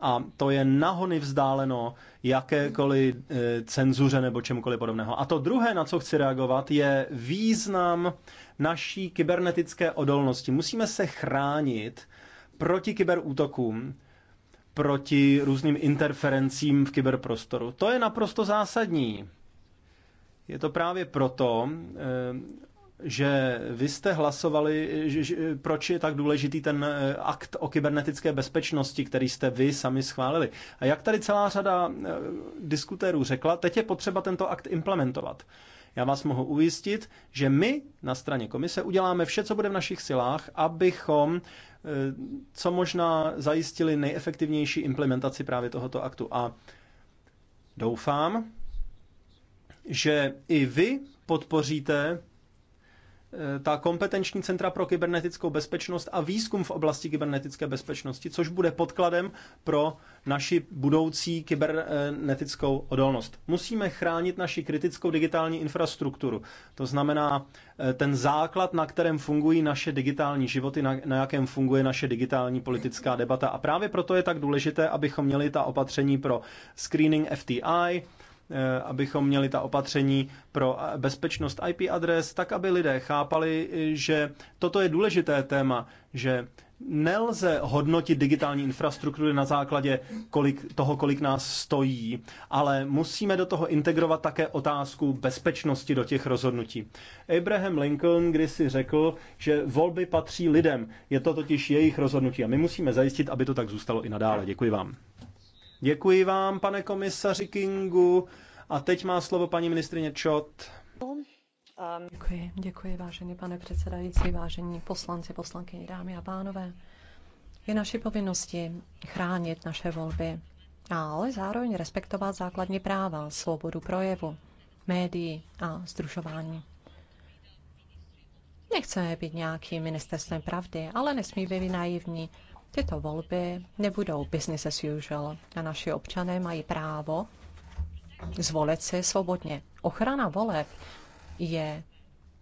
a to je nahony vzdáleno jakékoliv eh, cenzuře nebo čemukoliv podobného. A to druhé, na co chci reagovat, je význam naší kybernetické odolnosti. Musíme se chránit proti kyberútokům, proti různým interferencím v kyberprostoru. To je naprosto zásadní. Je to právě proto, eh, že vy jste hlasovali, že, že, proč je tak důležitý ten eh, akt o kybernetické bezpečnosti, který jste vy sami schválili. A jak tady celá řada eh, diskutérů řekla, teď je potřeba tento akt implementovat. Já vás mohu ujistit, že my na straně komise uděláme vše, co bude v našich silách, abychom eh, co možná zajistili nejefektivnější implementaci právě tohoto aktu. A doufám, že i vy podpoříte Eh, ta kompetenční centra pro kybernetickou bezpečnost a výzkum v oblasti kybernetické bezpečnosti, což bude podkladem pro naši budoucí kybernetickou odolnost. Musíme chránit naši kritickou digitální infrastrukturu, to znamená eh, ten základ, na kterém fungují naše digitální životy, na, na jakém funguje naše digitální politická debata. A právě proto je tak důležité, abychom měli ta opatření pro screening FTI, Eh, abychom měli ta opatření pro bezpečnost IP adres, tak aby lidé chápali, eh, že toto je důležité téma, že nelze hodnotit digitální infrastruktury na základě kolik, toho, kolik nás stojí, ale musíme do toho integrovat také otázku bezpečnosti do těch rozhodnutí. Abraham Lincoln kdysi řekl, že volby patří lidem, je to totiž jejich rozhodnutí a my musíme zajistit, aby to tak zůstalo i nadále. Děkuji vám. Děkuji vám, pane komisaři Kingu. A teď má slovo paní ministrině Čot. Děkuji, děkuji, vážený pane předsedající, vážení poslanci, poslankyně, dámy a pánové. Je naší povinnosti chránit naše volby, ale zároveň respektovat základní práva, svobodu projevu, médií a združování. Nechceme být nějakým ministerstvem pravdy, ale nesmí být naivní. Tyto volby nebudou business as usual a naši občané mají právo zvolit si svobodně. Ochrana voleb je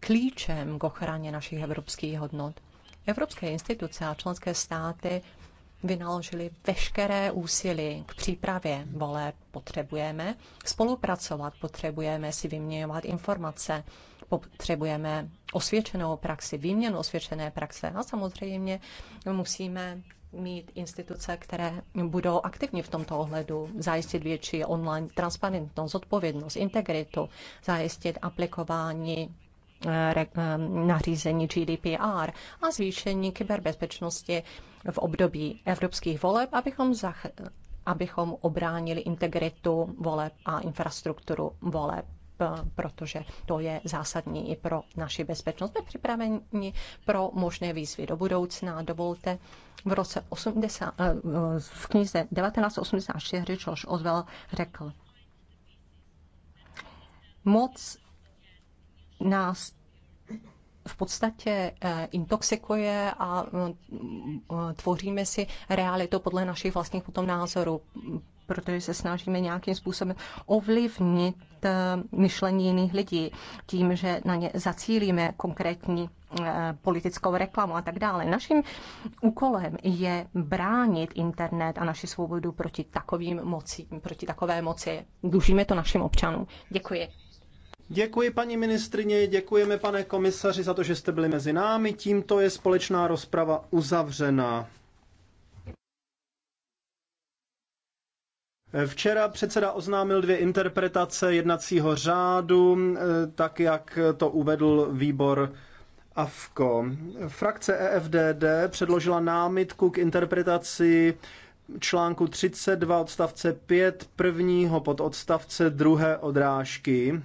klíčem k ochraně našich evropských hodnot. Evropské instituce a členské státy vynaložili veškeré úsilí k přípravě voleb. Potřebujeme spolupracovat, potřebujeme si vyměňovat informace, potřebujeme osvědčenou praxi, výměnu osvědčené praxe a samozřejmě musíme mít instituce, které budou aktivní v tomto ohledu, zajistit větší online transparentnost, odpovědnost, integritu, zajistit aplikování eh, eh, nařízení GDPR a zvýšení kyberbezpečnosti v období evropských voleb, abychom, zach- abychom obránili integritu voleb a infrastrukturu voleb protože to je zásadní i pro naši bezpečnost. Jsme připraveni pro možné výzvy do budoucna. Dovolte, v roce 80, eh, v knize 1986 George Oswell řekl, moc nás v podstatě eh, intoxikuje a eh, tvoříme si realitu podle našich vlastních potom názorů protože se snažíme nějakým způsobem ovlivnit eh, myšlení jiných lidí tím, že na ně zacílíme konkrétní eh, politickou reklamu a tak dále. Naším úkolem je bránit internet a naši svobodu proti takovým mocím, proti takové moci. Dlužíme to našim občanům. Děkuji. Děkuji paní ministrině, děkujeme pane komisaři za to, že jste byli mezi námi. Tímto je společná rozprava uzavřena. Včera předseda oznámil dvě interpretace jednacího řádu, eh, tak jak to uvedl výbor AFKO. Frakce EFDD předložila námitku k interpretaci článku 32 odstavce 5 prvního pod odstavce druhé odrážky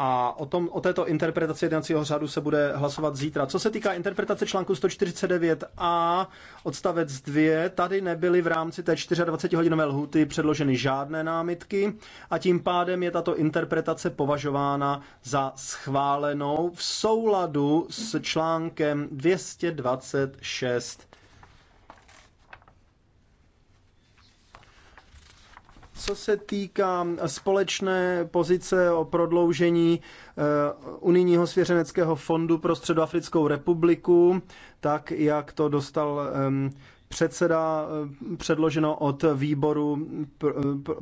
A o, tom, o této interpretaci jednacího řádu se bude hlasovat zítra. Co se týká interpretace článku 149a odstavec 2, tady nebyly v rámci té 24-hodinové lhuty předloženy žádné námitky a tím pádem je tato interpretace považována za schválenou v souladu s článkem 226 Co se týká společné pozice o prodloužení eh, unijního svěřeneckého fondu pro Středoafrickou republiku, tak jak to dostal předseda eh, předloženo od výboru eh,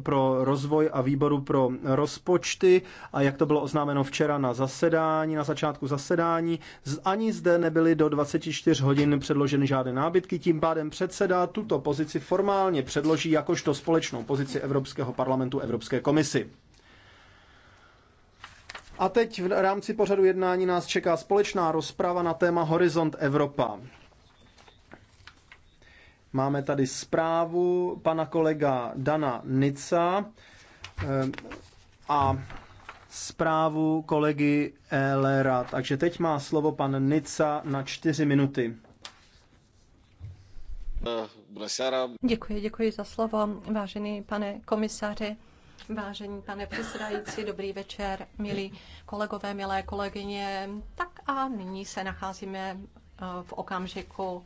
pro rozvoj a výboru pro rozpočty a jak to bylo oznámeno včera na zasedání, na začátku zasedání, ani zde nebyly do 24 hodin předloženy žádné nábytky, tím pádem předseda tuto pozici formálně předloží jakožto společnou pozici Evropského parlamentu Evropské komisi. A teď v rámci pořadu jednání nás čeká společná rozprava na téma Horizont Evropa. Máme tady zprávu pana kolega Dana Nica ehm, a zprávu kolegy Elera. Takže teď má slovo pan Nica na čtyři minuty. Děkuji, děkuji za slovo, vážený pane komisaři. vážení pane předsedající, dobrý večer, milí kolegové, milé kolegyně. Tak a nyní se nacházíme eh, v okamžiku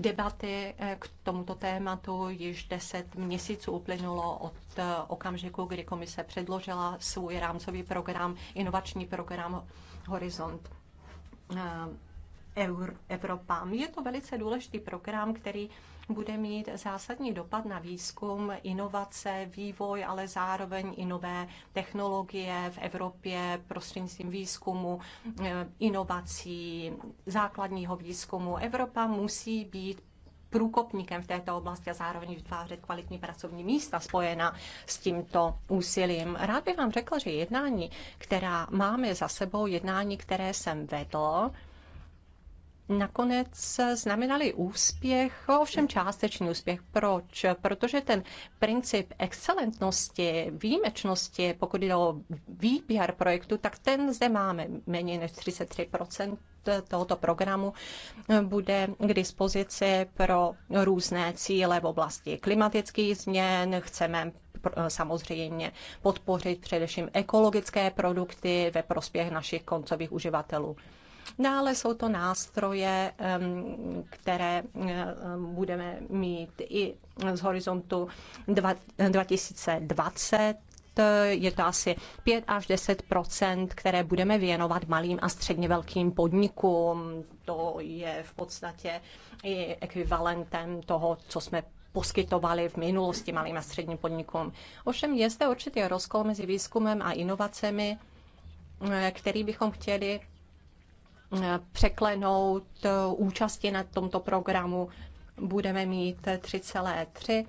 debaty eh, k tomuto tématu již 10 měsíců uplynulo od eh, okamžiku, kdy komise předložila svůj rámcový program, inovační program Horizont eh, Evropa. Je to velice důležitý program, který bude mít zásadní dopad na výzkum, inovace, vývoj, ale zároveň i nové technologie v Evropě prostřednictvím výzkumu, eh, inovací, základního výzkumu. Evropa musí být průkopníkem v této oblasti a zároveň vytvářet kvalitní pracovní místa spojená s tímto úsilím. Rád bych vám řekla, že jednání, která máme za sebou, jednání, které jsem vedl, nakonec znamenaly úspěch, ovšem částečný úspěch. Proč? Protože ten princip excelentnosti, výjimečnosti, pokud jde o výběr projektu, tak ten zde máme méně než 33 tohoto programu bude k dispozici pro různé cíle v oblasti klimatických změn. Chceme samozřejmě podpořit především ekologické produkty ve prospěch našich koncových uživatelů. Dále jsou to nástroje, které budeme mít i z horizontu 2020 je to asi 5 až 10 které budeme věnovat malým a středně velkým podnikům. To je v podstatě i ekvivalentem toho, co jsme poskytovali v minulosti malým a středním podnikům. Ovšem je zde určitý rozkol mezi výzkumem a inovacemi, který bychom chtěli překlenout eh, účasti na tomto programu. Budeme mít 3,3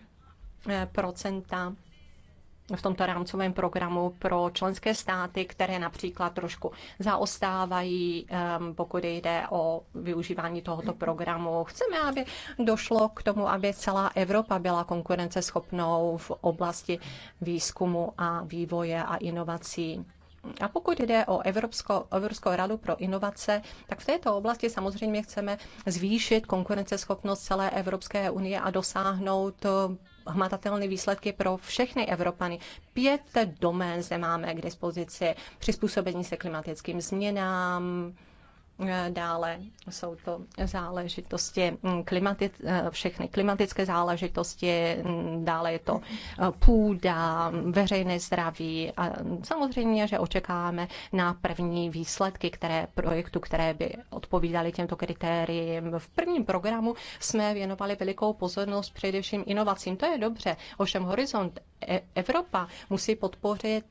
eh, v tomto rámcovém programu pro členské státy, které například trošku zaostávají, ehm, pokud jde o využívání tohoto programu. Chceme, aby došlo k tomu, aby celá Evropa byla konkurenceschopnou v oblasti výzkumu a vývoje a inovací. A pokud jde o Evropskou, Evropskou radu pro inovace, tak v této oblasti samozřejmě chceme zvýšit konkurenceschopnost celé Evropské unie a dosáhnout eh, hmatatelné výsledky pro všechny Evropany. Pět domén zde máme k dispozici přizpůsobení se klimatickým změnám, Eh, dále jsou to záležitosti mm, klimatic, eh, všechny klimatické záležitosti, mm, dále je to eh, půda, veřejné zdraví a samozřejmě, že očekáváme na první výsledky které projektu, které by odpovídaly těmto kritériím. V prvním programu jsme věnovali velikou pozornost především inovacím. To je dobře, ovšem Horizont e, Evropa musí podpořit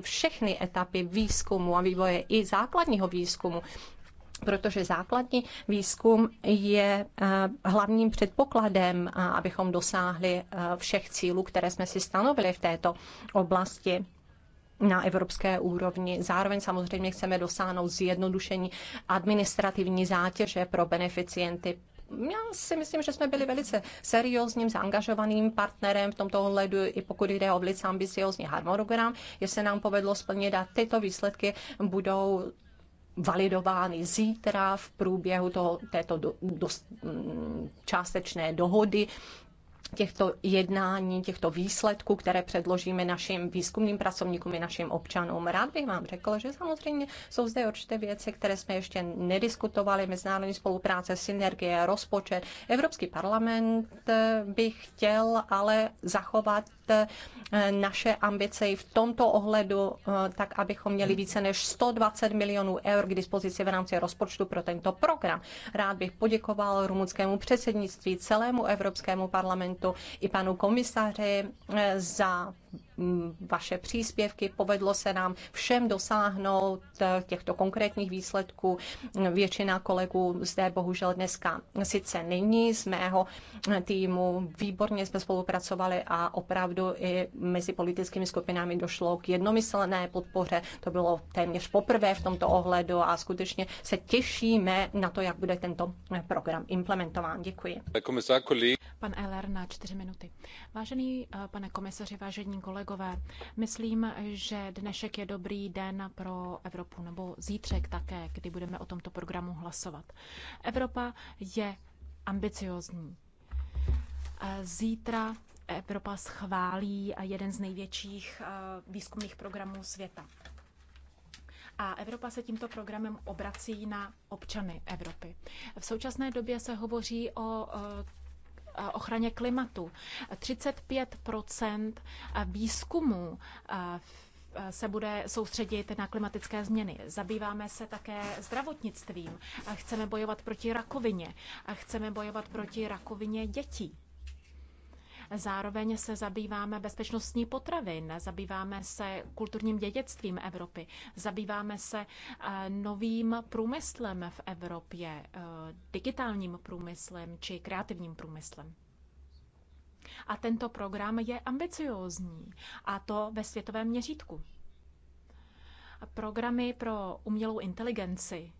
všechny etapy výzkumu a vývoje i základního výzkumu protože základní výzkum je eh, hlavním předpokladem, eh, abychom dosáhli eh, všech cílů, které jsme si stanovili v této oblasti na evropské úrovni. Zároveň samozřejmě chceme dosáhnout zjednodušení administrativní zátěže pro beneficienty já si myslím, že jsme byli velice seriózním, zaangažovaným partnerem v tomto ohledu, i pokud jde o velice ambiciozní harmonogram. Jestli nám povedlo splnit a tyto výsledky budou validovány zítra v průběhu toho, této do, dost, mm, částečné dohody těchto jednání, těchto výsledků, které předložíme našim výzkumným pracovníkům i našim občanům. Rád bych vám řekl, že samozřejmě jsou zde určité věci, které jsme ještě nediskutovali, mezinárodní spolupráce, synergie, rozpočet. Evropský parlament by chtěl ale zachovat Eh, naše ambice i v tomto ohledu, eh, tak abychom měli více než 120 milionů eur k dispozici v rámci rozpočtu pro tento program. Rád bych poděkoval rumunskému předsednictví, celému Evropskému parlamentu i panu komisaři eh, za Mm, vaše příspěvky. Povedlo se nám všem dosáhnout eh, těchto konkrétních výsledků. Většina kolegů zde bohužel dneska sice není z mého týmu. Výborně jsme spolupracovali a opravdu i mezi politickými skupinami došlo k jednomyslné podpoře. To bylo téměř poprvé v tomto ohledu a skutečně se těšíme na to, jak bude tento program implementován. Děkuji. Pan Eller na čtyři minuty. Vážený eh, pane komisaři, vážení kolegové. Myslím, že dnešek je dobrý den pro Evropu, nebo zítřek také, kdy budeme o tomto programu hlasovat. Evropa je ambiciozní. Zítra Evropa schválí jeden z největších eh, výzkumných programů světa. A Evropa se tímto programem obrací na občany Evropy. V současné době se hovoří o eh, ochraně klimatu. 35 výzkumu se bude soustředit na klimatické změny. Zabýváme se také zdravotnictvím. Chceme bojovat proti rakovině. Chceme bojovat proti rakovině dětí. Zároveň se zabýváme bezpečnostní potravin, zabýváme se kulturním dědictvím Evropy, zabýváme se eh, novým průmyslem v Evropě, eh, digitálním průmyslem či kreativním průmyslem. A tento program je ambiciózní, a to ve světovém měřítku. Programy pro umělou inteligenci,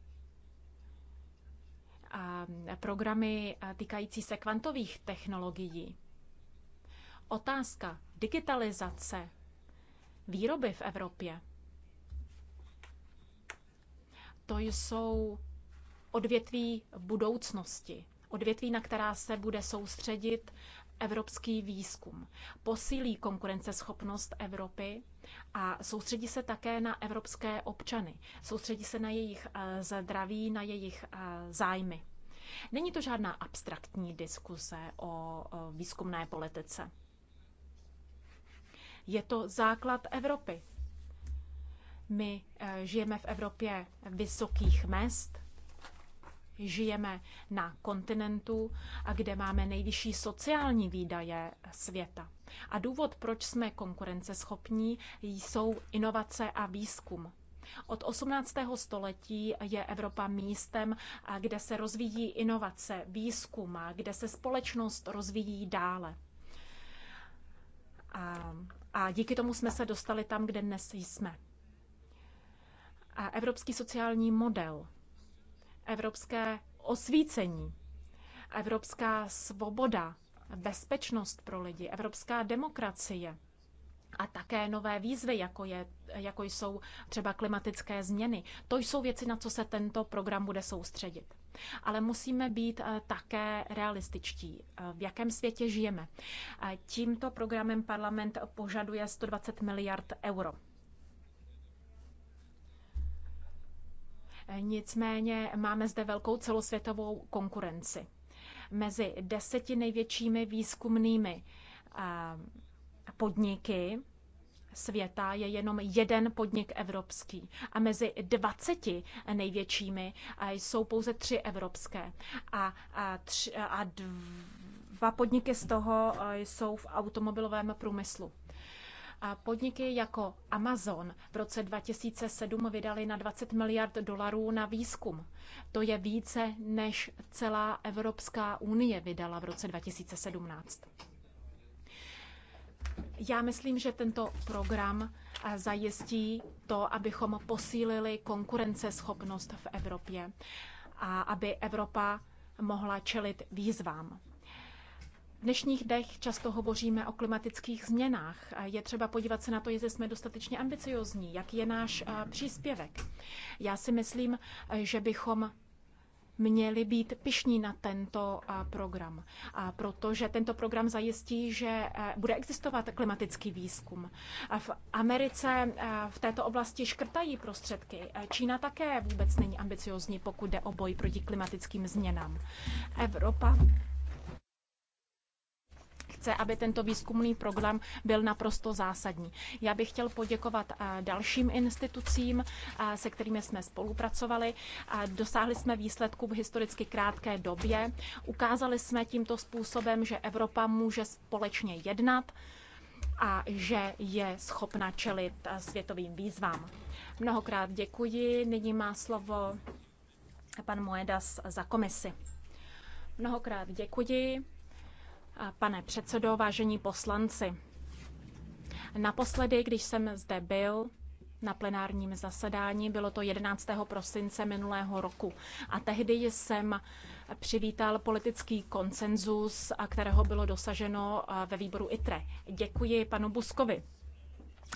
a programy týkající se kvantových technologií, Otázka digitalizace výroby v Evropě. To jsou odvětví budoucnosti, odvětví, na která se bude soustředit evropský výzkum. Posílí konkurenceschopnost Evropy a soustředí se také na evropské občany. Soustředí se na jejich eh, zdraví, na jejich eh, zájmy. Není to žádná abstraktní diskuse o výzkumné politice. Je to základ Evropy. My eh, žijeme v Evropě vysokých mest, žijeme na kontinentu, a kde máme nejvyšší sociální výdaje světa. A důvod, proč jsme konkurenceschopní, jsou inovace a výzkum. Od 18. století je Evropa místem, kde se rozvíjí inovace, výzkum, kde se společnost rozvíjí dále. A a díky tomu jsme se dostali tam, kde dnes jsme. A evropský sociální model, evropské osvícení, evropská svoboda, bezpečnost pro lidi, evropská demokracie – a také nové výzvy, jako, je, jako jsou třeba klimatické změny. To jsou věci, na co se tento program bude soustředit. Ale musíme být eh, také realističtí. Eh, v jakém světě žijeme? Tímto programem parlament požaduje 120 miliard euro. Eh, nicméně máme zde velkou celosvětovou konkurenci. Mezi deseti největšími výzkumnými podniky světa je jenom jeden podnik evropský a mezi 20 největšími jsou pouze tři evropské a, a, tři, a dva podniky z toho jsou v automobilovém průmyslu. A podniky jako Amazon v roce 2007 vydali na 20 miliard dolarů na výzkum. To je více, než celá Evropská unie vydala v roce 2017. Já myslím, že tento program eh, zajistí to, abychom posílili konkurenceschopnost v Evropě a aby Evropa mohla čelit výzvám. V dnešních dech často hovoříme o klimatických změnách. Eh, je třeba podívat se na to, jestli jsme dostatečně ambiciozní, jaký je náš eh, příspěvek. Já si myslím, že bychom měli být pišní na tento eh, program, protože tento program zajistí, že eh, bude existovat klimatický výzkum. V Americe eh, v této oblasti škrtají prostředky. Čína také vůbec není ambiciozní, pokud jde o boj proti klimatickým změnám. Evropa chce, aby tento výzkumný program byl naprosto zásadní. Já bych chtěl poděkovat eh, dalším institucím, eh, se kterými jsme spolupracovali. Eh, dosáhli jsme výsledku v historicky krátké době. Ukázali jsme tímto způsobem, že Evropa může společně jednat a že je schopna čelit světovým výzvám. Mnohokrát děkuji. Nyní má slovo pan Moedas za komisi. Mnohokrát děkuji. Pane předsedo, vážení poslanci, naposledy, když jsem zde byl, na plenárním zasedání, bylo to 11. prosince minulého roku. A tehdy jsem přivítal politický konsenzus, kterého bylo dosaženo ve výboru ITRE. Děkuji panu Buskovi.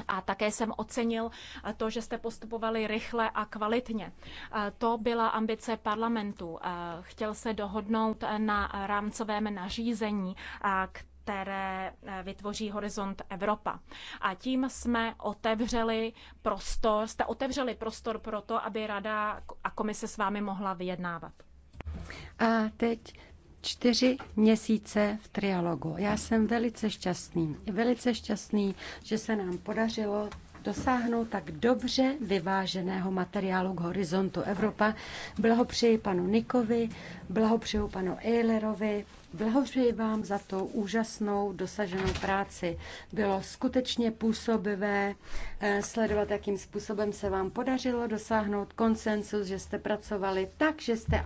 A také jsem ocenil eh, to, že jste postupovali rychle a kvalitně. Eh, to byla ambice parlamentu. Eh, chtěl se dohodnout na rámcovém nařízení, které vytvoří Horizont Evropa. A tím jsme otevřeli prostor, jste otevřeli prostor pro to, aby Rada a komise s vámi mohla vyjednávat. A teď čtyři měsíce v trialogu. Já jsem velice šťastný, velice šťastný, že se nám podařilo dosáhnout tak dobře vyváženého materiálu k horizontu Evropa. Blahopřeji panu Nikovi, blahopřeji panu Eilerovi, blahopřeji vám za to úžasnou dosaženou práci. Bylo skutečně působivé eh, sledovat, jakým způsobem se vám podařilo dosáhnout konsensus, že jste pracovali tak, že jste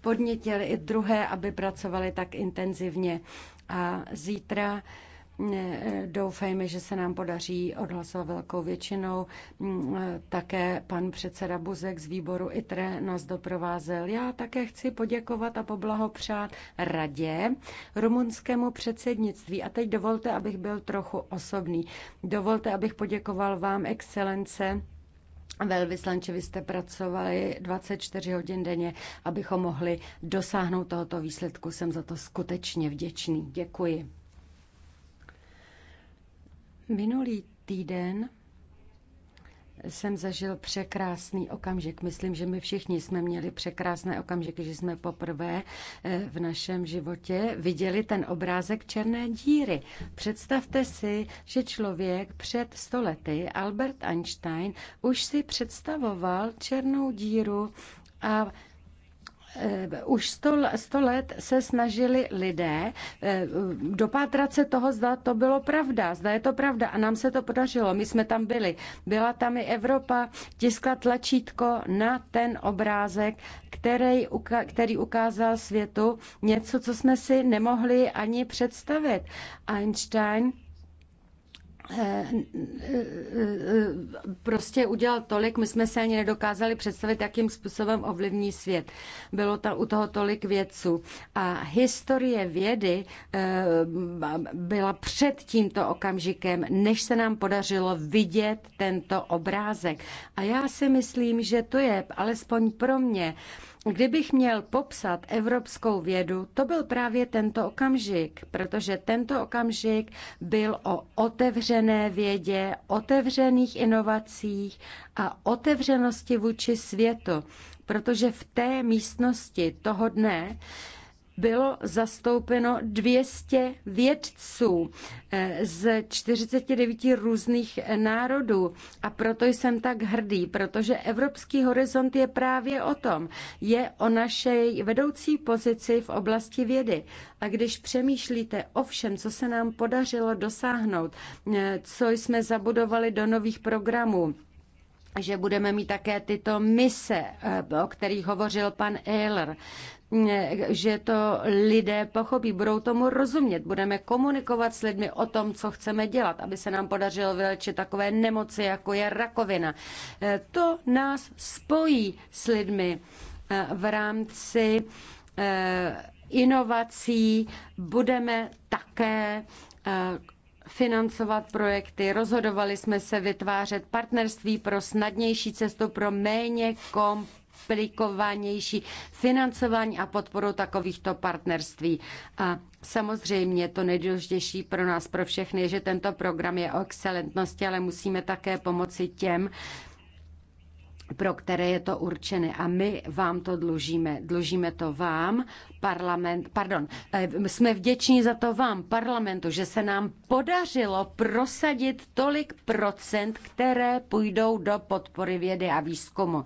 podnětil i druhé, aby pracovali tak intenzivně. A zítra mm, eh, Doufejme, že se nám podaří odhlasovat velkou většinou. Mm, eh, také pan předseda Buzek z výboru ITRE nás doprovázel. Já také chci poděkovat a poblahopřát radě rumunskému předsednictví. A teď dovolte, abych byl trochu osobný. Dovolte, abych poděkoval vám, excelence, Velvyslanče, vy jste pracovali 24 hodin denně, abychom mohli dosáhnout tohoto výsledku. Jsem za to skutečně vděčný. Děkuji. Minulý týden jsem zažil překrásný okamžik. Myslím, že my všichni jsme měli překrásné okamžiky, že jsme poprvé eh, v našem životě viděli ten obrázek černé díry. Představte si, že člověk před stolety, Albert Einstein, už si představoval černou díru a Eh, už sto, sto let se snažili lidé eh, dopátrat se toho, zda to bylo pravda, zda je to pravda a nám se to podařilo. My jsme tam byli. Byla tam i Evropa, tiskla tlačítko na ten obrázek, který, který ukázal světu něco, co jsme si nemohli ani představit. Einstein Eh, eh, eh, prostě udělal tolik, my jsme se ani nedokázali představit, jakým způsobem ovlivní svět. Bylo tam u toho tolik vědců. A historie vědy byla před tímto okamžikem, než se nám podařilo vidět tento obrázek. A já si myslím, že to je, alespoň pro mě, Kdybych měl popsat evropskou vědu, to byl právě tento okamžik, protože tento okamžik byl o otevřené vědě, otevřených inovacích a otevřenosti vůči světu, protože v té místnosti toho dne bylo zastoupeno 200 vědců eh, z 49 různých národů. A proto jsem tak hrdý, protože Evropský horizont je právě o tom. Je o naší vedoucí pozici v oblasti vědy. A když přemýšlíte o všem, co se nám podařilo dosáhnout, eh, co jsme zabudovali do nových programů, že budeme mít také tyto mise, eh, o kterých hovořil pan Ehler, že to lidé pochopí, budou tomu rozumět, budeme komunikovat s lidmi o tom, co chceme dělat, aby se nám podařilo vylečit takové nemoci, jako je rakovina. Eh, to nás spojí s lidmi eh, v rámci eh, inovací, budeme také financovat projekty, rozhodovali jsme se vytvářet partnerství pro snadnější cestu, pro méně komplexní komplikovanější financování a podporu takovýchto partnerství. A samozřejmě to nejdůležitější pro nás, pro všechny, je, že tento program je o excelentnosti, ale musíme také pomoci těm, pro které je to určené. A my vám to dlužíme. Dlužíme to vám, parlament, pardon, eh, jsme vděční za to vám, parlamentu, že se nám podařilo prosadit tolik procent, které půjdou do podpory vědy a výzkumu.